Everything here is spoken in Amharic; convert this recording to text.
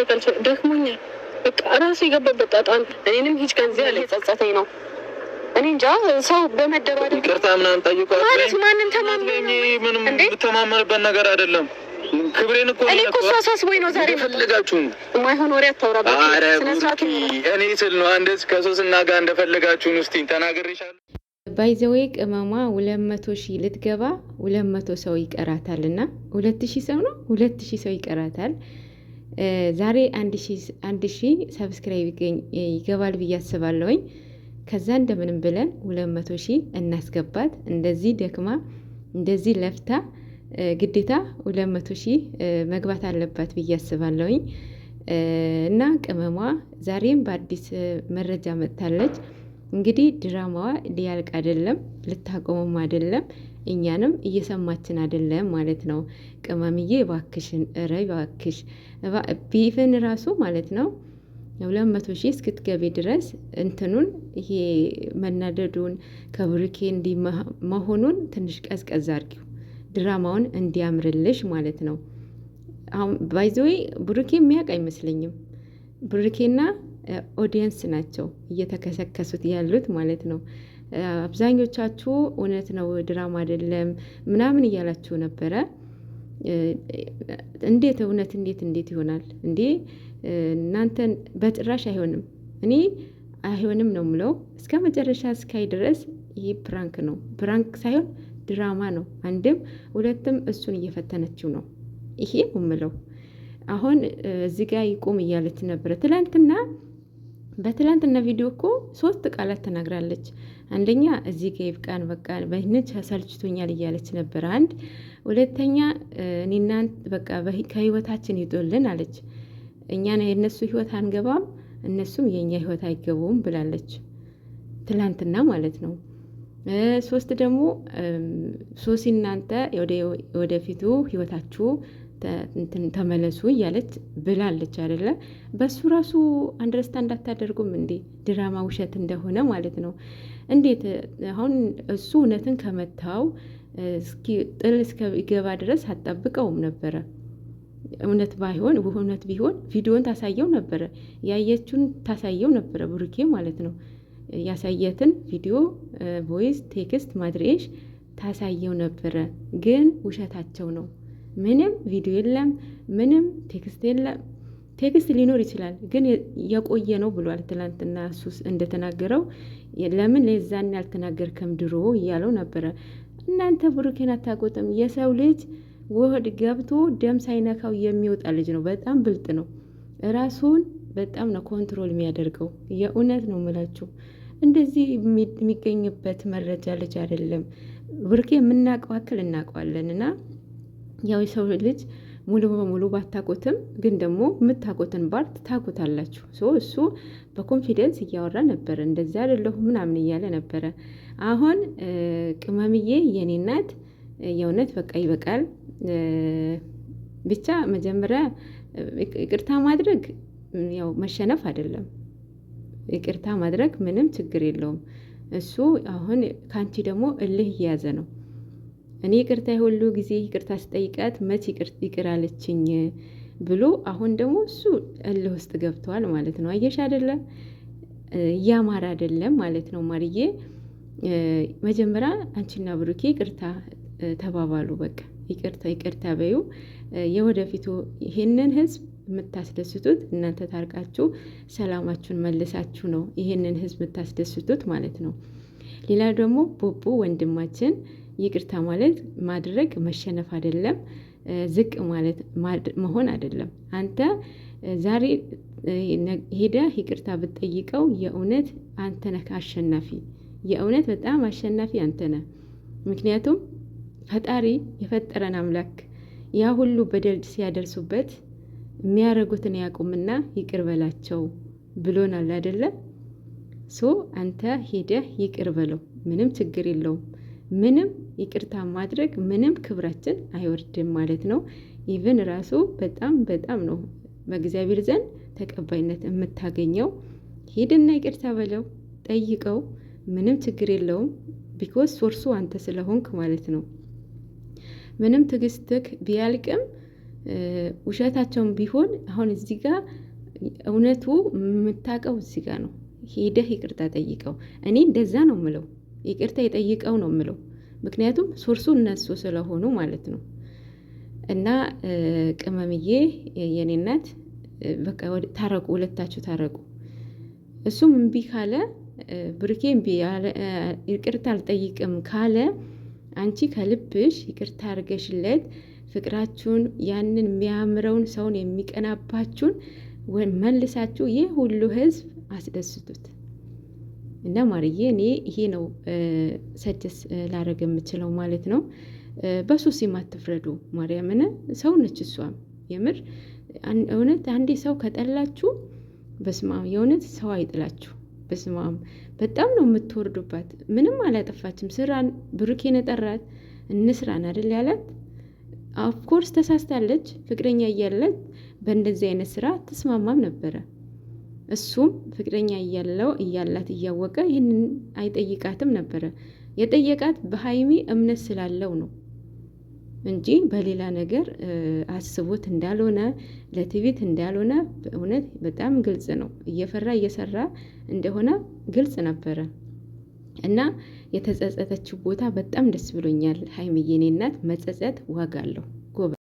ረቀልሰ ደክሞኛል። በቃ ራሱ የገባበት ጣጣን እኔንም ሂጅ ከዚህ ያለ ጸጸተኝ ነው። እኔ እንጃ ሰው በመደባደ ቅርታ ምናምን ጠይቋ ማለት ማንም ምንም ተማመንበት ነገር አይደለም። ክብሬን እኮ እኔ እኮ እሱ አሳስቦኝ ነው። ዛሬ ፈልጋችሁ የማይሆን ወሬ አታውራበት። እኔ ስል ነው አንደስ ከሶስና ጋር እንደፈልጋችሁን ውስጥ ተናግሬሻለሁ። ባይዘወይ ቅመሟ ሁለት መቶ ሺህ ልትገባ ሁለት መቶ ሰው ይቀራታል እና ሁለት ሺህ ሰው ነው ሁለት ሺህ ሰው ይቀራታል ዛሬ አንድ ሺ ሰብስክራይብ ይገባል ብዬ አስባለሁኝ። ከዛ እንደምንም ብለን ሁለት መቶ ሺህ እናስገባት። እንደዚህ ደክማ እንደዚህ ለፍታ ግዴታ ሁለት መቶ ሺህ መግባት አለባት ብዬ አስባለሁኝ። እና ቅመሟ ዛሬም በአዲስ መረጃ መጥታለች። እንግዲህ ድራማዋ ሊያልቅ አይደለም፣ ልታቆመም አይደለም። እኛንም እየሰማችን አይደለም ማለት ነው። ቅመምዬ እባክሽን፣ እረ እባክሽ ቢፍን ራሱ ማለት ነው ሁለት መቶ ሺህ እስክትገቢ ድረስ እንትኑን ይሄ መናደዱን ከብሩኬ እንዲህ መሆኑን ትንሽ ቀዝቀዝ አድርጊው፣ ድራማውን እንዲያምርልሽ ማለት ነው። አሁን ባይዘዌ ብሩኬ የሚያውቅ አይመስለኝም። ብሩኬና ኦዲየንስ ናቸው እየተከሰከሱት ያሉት ማለት ነው። አብዛኞቻችሁ እውነት ነው ድራማ አይደለም ምናምን እያላችሁ ነበረ። እንዴት እውነት እንዴት እንዴት ይሆናል እንዴ? እናንተን በጭራሽ አይሆንም። እኔ አይሆንም ነው ምለው እስከ መጨረሻ እስካይ ድረስ ይህ ፕራንክ ነው። ፕራንክ ሳይሆን ድራማ ነው። አንድም ሁለትም እሱን እየፈተነችው ነው። ይሄ ምለው አሁን እዚህ ጋር ይቁም እያለች ነበረ ትላንትና በትላንትና ቪዲዮ እኮ ሶስት ቃላት ተናግራለች። አንደኛ እዚህ ጋ ይብቃን በቃ በህነች ሰልችቶኛል እያለች ነበር። አንድ ሁለተኛ እኔና በቃ ከህይወታችን ይጦልን አለች። እኛ የእነሱ ህይወት አንገባም፣ እነሱም የእኛ ህይወት አይገቡም ብላለች። ትላንትና ማለት ነው። ሶስት ደግሞ ሶሲ እናንተ ወደፊቱ ህይወታችሁ ተመለሱ እያለች ብላለች አይደለ? በሱ ራሱ አንደርስታንድ አታደርጉም እንዴ? ድራማ ውሸት እንደሆነ ማለት ነው። እንዴት አሁን እሱ እውነትን ከመታው ጥል እስከሚገባ ድረስ አትጠብቀውም ነበረ። እውነት ባይሆን እውነት ቢሆን ቪዲዮን ታሳየው ነበረ፣ ያየችውን ታሳየው ነበረ ብሩኬ ማለት ነው። ያሳየትን ቪዲዮ፣ ቮይስ፣ ቴክስት ማድሬሽ ታሳየው ነበረ። ግን ውሸታቸው ነው። ምንም ቪዲዮ የለም፣ ምንም ቴክስት የለም። ቴክስት ሊኖር ይችላል ግን የቆየ ነው ብሏል። ትላንትና እሱስ እንደተናገረው ለምን ለዛን ያልተናገርከም ድሮ እያለው ነበረ። እናንተ ብሩኬን አታቆጥም። የሰው ልጅ ወህድ ገብቶ ደም ሳይነካው የሚወጣ ልጅ ነው። በጣም ብልጥ ነው። ራሱን በጣም ነው ኮንትሮል የሚያደርገው። የእውነት ነው ምላችሁ። እንደዚህ የሚገኝበት መረጃ ልጅ አይደለም። ብሩኬ የምናቀዋክል አክል እናውቀዋለን እና ያው የሰው ልጅ ሙሉ በሙሉ ባታቁትም ግን ደግሞ የምታቁትን ባርት ታውቁታላችሁ። ሶ እሱ በኮንፊደንስ እያወራ ነበረ፣ እንደዚያ አደለሁ ምናምን እያለ ነበረ። አሁን ቅመምዬ የኔ እናት የእውነት በቃ ይበቃል። ብቻ መጀመሪያ ይቅርታ ማድረግ ያው መሸነፍ አይደለም። ይቅርታ ማድረግ ምንም ችግር የለውም። እሱ አሁን ከአንቺ ደግሞ እልህ እየያዘ ነው እኔ ይቅርታ የሁሉ ጊዜ ይቅርታ ስጠይቃት መች ይቅር አለችኝ ብሎ አሁን ደግሞ እሱ እልህ ውስጥ ገብተዋል ማለት ነው። አየሽ አይደለም እያማረ አይደለም ማለት ነው። ማርዬ መጀመሪያ አንቺና ብሩኬ ይቅርታ ተባባሉ። በቃ ይቅርታ ይቅርታ በዩ የወደፊቱ ይህንን ህዝብ የምታስደስቱት እናንተ ታርቃችሁ ሰላማችሁን መልሳችሁ ነው ይህንን ህዝብ የምታስደስቱት ማለት ነው። ሌላ ደግሞ ቦቦ ወንድማችን ይቅርታ ማለት ማድረግ መሸነፍ አይደለም፣ ዝቅ ማለት መሆን አይደለም። አንተ ዛሬ ሄደ ይቅርታ ብትጠይቀው የእውነት አንተ ነህ አሸናፊ። የእውነት በጣም አሸናፊ አንተ ነህ። ምክንያቱም ፈጣሪ የፈጠረን አምላክ ያ ሁሉ በደል ሲያደርሱበት የሚያደርጉትን ያቁምና ይቅር በላቸው ብሎናል አይደለ? ሶ አንተ ሄደህ ይቅር በለው፣ ምንም ችግር የለውም። ምንም ይቅርታ ማድረግ ምንም ክብራችን አይወርድም ማለት ነው። ኢቨን ራሱ በጣም በጣም ነው በእግዚአብሔር ዘንድ ተቀባይነት የምታገኘው። ሂድና ይቅርታ በለው፣ ጠይቀው፣ ምንም ችግር የለውም። ቢኮስ ሶርሱ አንተ ስለሆንክ ማለት ነው። ምንም ትግስትክ ቢያልቅም ውሸታቸውን ቢሆን አሁን እዚህ ጋር እውነቱ የምታውቀው እዚህ ጋር ነው። ሄደህ ይቅርታ ጠይቀው። እኔ እንደዛ ነው ምለው፣ ይቅርታ የጠይቀው ነው ምለው። ምክንያቱም ሶርሱ እነሱ ስለሆኑ ማለት ነው። እና ቅመምዬ የኔ እናት በቃ ታረቁ፣ ሁለታችሁ ታረቁ። እሱም እምቢ ካለ ብርኬ እምቢ ይቅርታ አልጠይቅም ካለ አንቺ ከልብሽ ይቅርታ አድርገሽለት ፍቅራችሁን ያንን የሚያምረውን ሰውን የሚቀናባችሁን መልሳችሁ ይህ ሁሉ ህዝብ አስደስቱት። እና ማርዬ እኔ ይሄ ነው ሰጀስ ላረግ የምችለው ማለት ነው። በሱስ የማትፍረዱ ማርያምን ሰው ነች እሷም የምር እውነት አንዴ ሰው ከጠላችሁ በስማም የእውነት ሰው አይጥላችሁ። በስማም በጣም ነው የምትወርዱባት። ምንም አላጠፋችም። ስራን ብሩኬን ጠራት እንስራን አይደል ያላት። ኦፍኮርስ ተሳስታለች። ፍቅረኛ እያላት በእንደዚህ አይነት ስራ ትስማማም ነበረ እሱም ፍቅረኛ እያለው እያላት እያወቀ ይህንን አይጠይቃትም ነበረ። የጠየቃት በሀይሚ እምነት ስላለው ነው እንጂ በሌላ ነገር አስቦት እንዳልሆነ ለትዕቢት እንዳልሆነ በእውነት በጣም ግልጽ ነው። እየፈራ እየሰራ እንደሆነ ግልጽ ነበረ እና የተጸጸተችው ቦታ በጣም ደስ ብሎኛል። ሀይሚዬ እኔ እናት መጸጸት ዋጋ አለው።